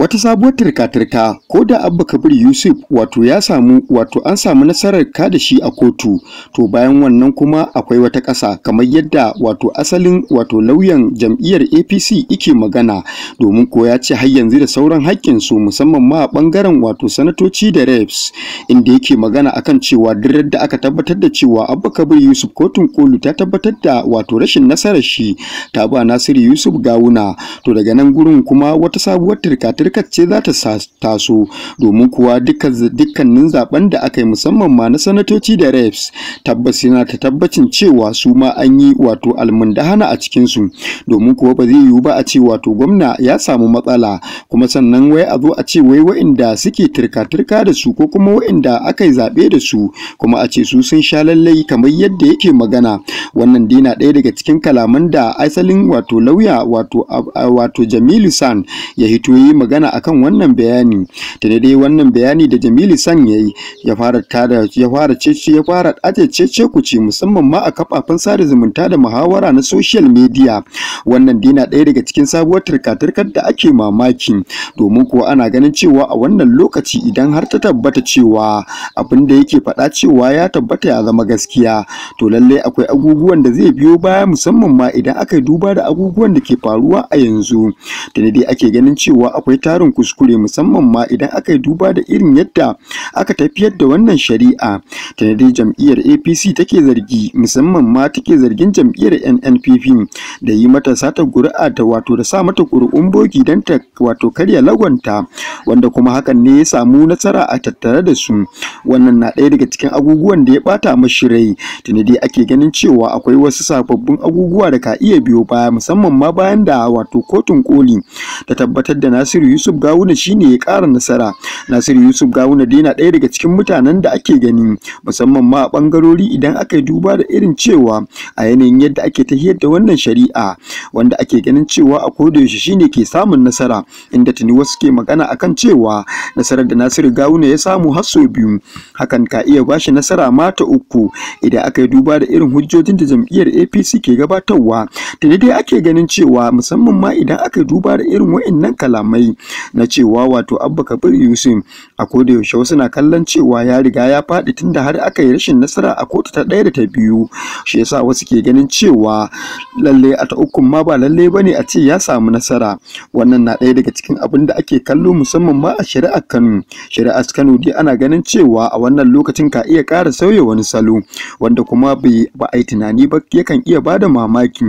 wata sabuwar turka-turka ko da abba kabir yusuf wato ya samu wato an samu nasarar ka da shi a kotu to bayan wannan kuma akwai wata ƙasa kamar yadda wato asalin wato lauyan jam'iyyar apc ike magana domin ko ya ce har yanzu da sauran haƙƙin su musamman ma a ɓangaren wato sanatoci da reps inda yake magana akan cewa duk da aka tabbatar da cewa abba kabir yusuf kotun kolu ta tabbatar da wato rashin nasarar shi ta ba nasiru yusuf gawuna to daga nan gurin kuma wata sabuwar turka Amurka ce za ta taso domin kuwa dukkanin zaben da aka yi musamman ma na sanatoci da refs tabbas yana ta tabbacin cewa su ma an yi wato almundahana a cikinsu domin kuwa ba zai yiwu ba a ce wato gwamna ya samu matsala kuma sannan wai a zo a ce wai wa'inda suke turka-turka da su ko kuma wa'inda aka yi zaɓe da su kuma a ce su sun sha lallai kamar yadda yake magana wannan dai na ɗaya daga cikin kalaman da asalin wato lauya wato wato Jamilu San ya hito yi magana magana akan wannan bayani da dai wannan bayani da Jamilu San yayi ya fara tada ya fara cece ya fara aje cece kuce musamman ma a kafafen sada zumunta da muhawara na social media wannan dai na ɗaya daga cikin sabuwar turkatarkar da ake mamaki domin kuwa ana ganin cewa a wannan lokaci idan har ta tabbata cewa abin da yake faɗa cewa ya tabbata ya zama gaskiya to lallai akwai abubuwan da zai biyo baya musamman ma idan aka duba da abubuwan da ke faruwa a yanzu da dai ake ganin cewa akwai ta tarin kuskure musamman ma idan aka yi duba da irin yadda aka tafiyar da wannan shari'a tana dai jam'iyyar apc take zargi musamman ma take zargin jam'iyyar nnpp da yi mata sata guri'a ta wato da sa mata ƙuri'un bogi don ta wato karya lagonta wanda kuma hakan ne ya samu nasara a tattare da su wannan na ɗaya daga cikin abubuwan da ya ɓata mashi rai tuni dai ake ganin cewa akwai wasu sababbin abubuwa da ka iya biyo baya musamman ma bayan da wato kotun koli ta tabbatar da nasiru Yusuf Gawuna shine ya ƙara nasara. Nasiru Yusuf Gawuna dai na ɗaya daga cikin mutanen da ake gani musamman ma a ɓangarori idan aka yi duba da irin cewa a yanayin yadda ake tahiyar da wannan shari'a wanda ake ganin cewa a kodayaushe shine ke samun nasara inda tuni wasu ke magana akan cewa nasarar da Nasiru Gawuna ya samu har sau biyu hakan ka iya bashi nasara ma ta uku idan aka yi duba da irin hujjojin da jam'iyyar APC ke gabatarwa tuni dai ake ganin cewa musamman ma idan aka duba da irin wa'annan kalamai na cewa wato abba kabir yusuf a koda yaushe wasu na kallon cewa ya riga ya faɗi tunda har aka yi rashin nasara a kotu ta ɗaya da ta biyu shi yasa wasu ke ganin cewa lalle a ta ukun ma ba lalle bane a ce ya samu nasara wannan na ɗaya daga cikin abin da ake kallo musamman ma a shari'ar Kano shari'ar Kano dai ana ganin cewa a wannan lokacin ka iya ƙara sauya wani salo wanda kuma ba a yi tunani ba yakan iya bada mamaki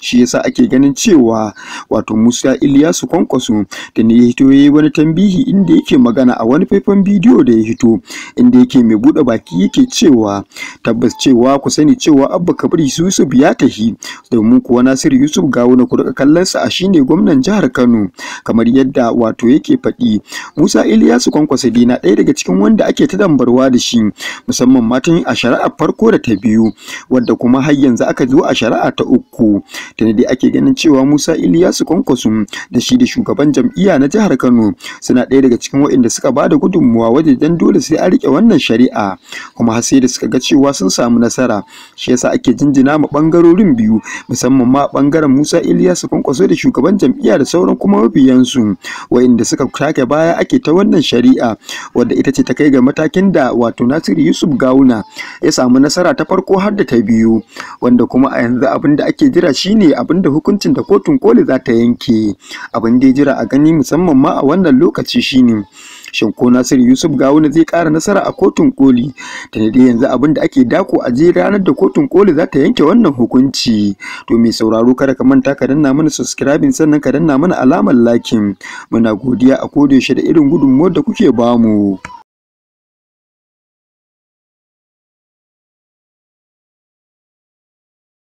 shi yasa ake ganin cewa wato Musa Iliyasu Kwankwaso da ne ya hito ya yi wani tambihi inda yake magana a wani faifan bidiyo da ya hito inda yake mai buɗe baki yake cewa tabbas cewa ku sani cewa abba kabir yusuf ya tahi domin kuwa nasiru yusuf gawuna wani ku rika kallon sa a shine gwamnan jihar kano kamar yadda wato yake faɗi musa iliyasu kwankwasa dina ɗaya daga cikin wanda ake ta dambarwa da shi musamman matan a shari'ar farko da ta biyu wadda kuma har yanzu aka zo a shari'a ta uku tana dai ake ganin cewa musa iliyasu kwankwaso da shi da shugaban jam'iyya na na jihar Kano suna ɗaya daga cikin waɗanda suka ba da gudunmuwa wajen dole sai an riƙe wannan shari'a kuma har sai da suka ga cewa sun samu nasara shi yasa ake jinjina ma ɓangarorin biyu musamman ma ɓangaren Musa Ilyasu Kwankwaso da shugaban jam'iyya da sauran kuma mabiyansu waɗanda suka take baya ake ta wannan shari'a wanda ita ce ta kai ga matakin da wato Nasiru Yusuf Gawuna ya samu nasara ta farko har da ta biyu wanda kuma a yanzu abin da ake jira shine abin da hukuncin da kotun koli za ta yanke abin da jira a gani musamman musamman ma a wannan lokaci shine shin ko Nasiru Yusuf Gawuna zai ƙara nasara a kotun koli da dai yanzu abin da ake dako a je ranar da kotun koli za ta yanke wannan hukunci to mai sauraro kada ka manta ka danna mana subscribing sannan ka danna mana alamar lakin muna godiya a kodayaushe da irin gudunmuwar da kuke bamu.